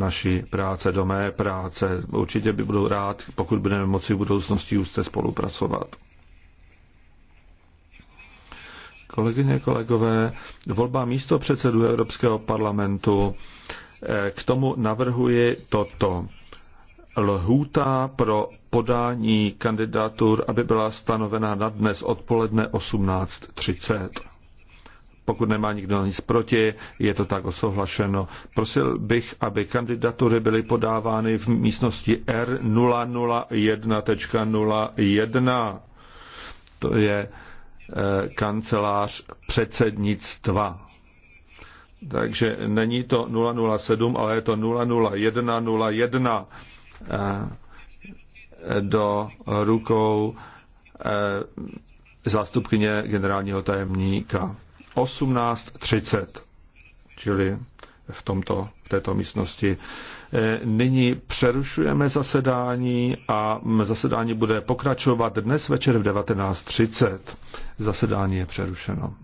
naší práce do mé práce. Určitě by budu rád, pokud budeme moci v budoucnosti úzce spolupracovat. Kolegyně, kolegové, volba místo předsedu Evropského parlamentu. Eh, k tomu navrhuji toto. Lhůta pro podání kandidatur, aby byla stanovena na dnes odpoledne 18.30 pokud nemá nikdo nic proti, je to tak osohlašeno. Prosil bych, aby kandidatury byly podávány v místnosti R001.01. To je eh, kancelář předsednictva. Takže není to 007, ale je to 00101 eh, do rukou eh, zástupkyně generálního tajemníka. 18.30, čili v, tomto, v této místnosti. E, nyní přerušujeme zasedání a zasedání bude pokračovat dnes večer v 19.30. Zasedání je přerušeno.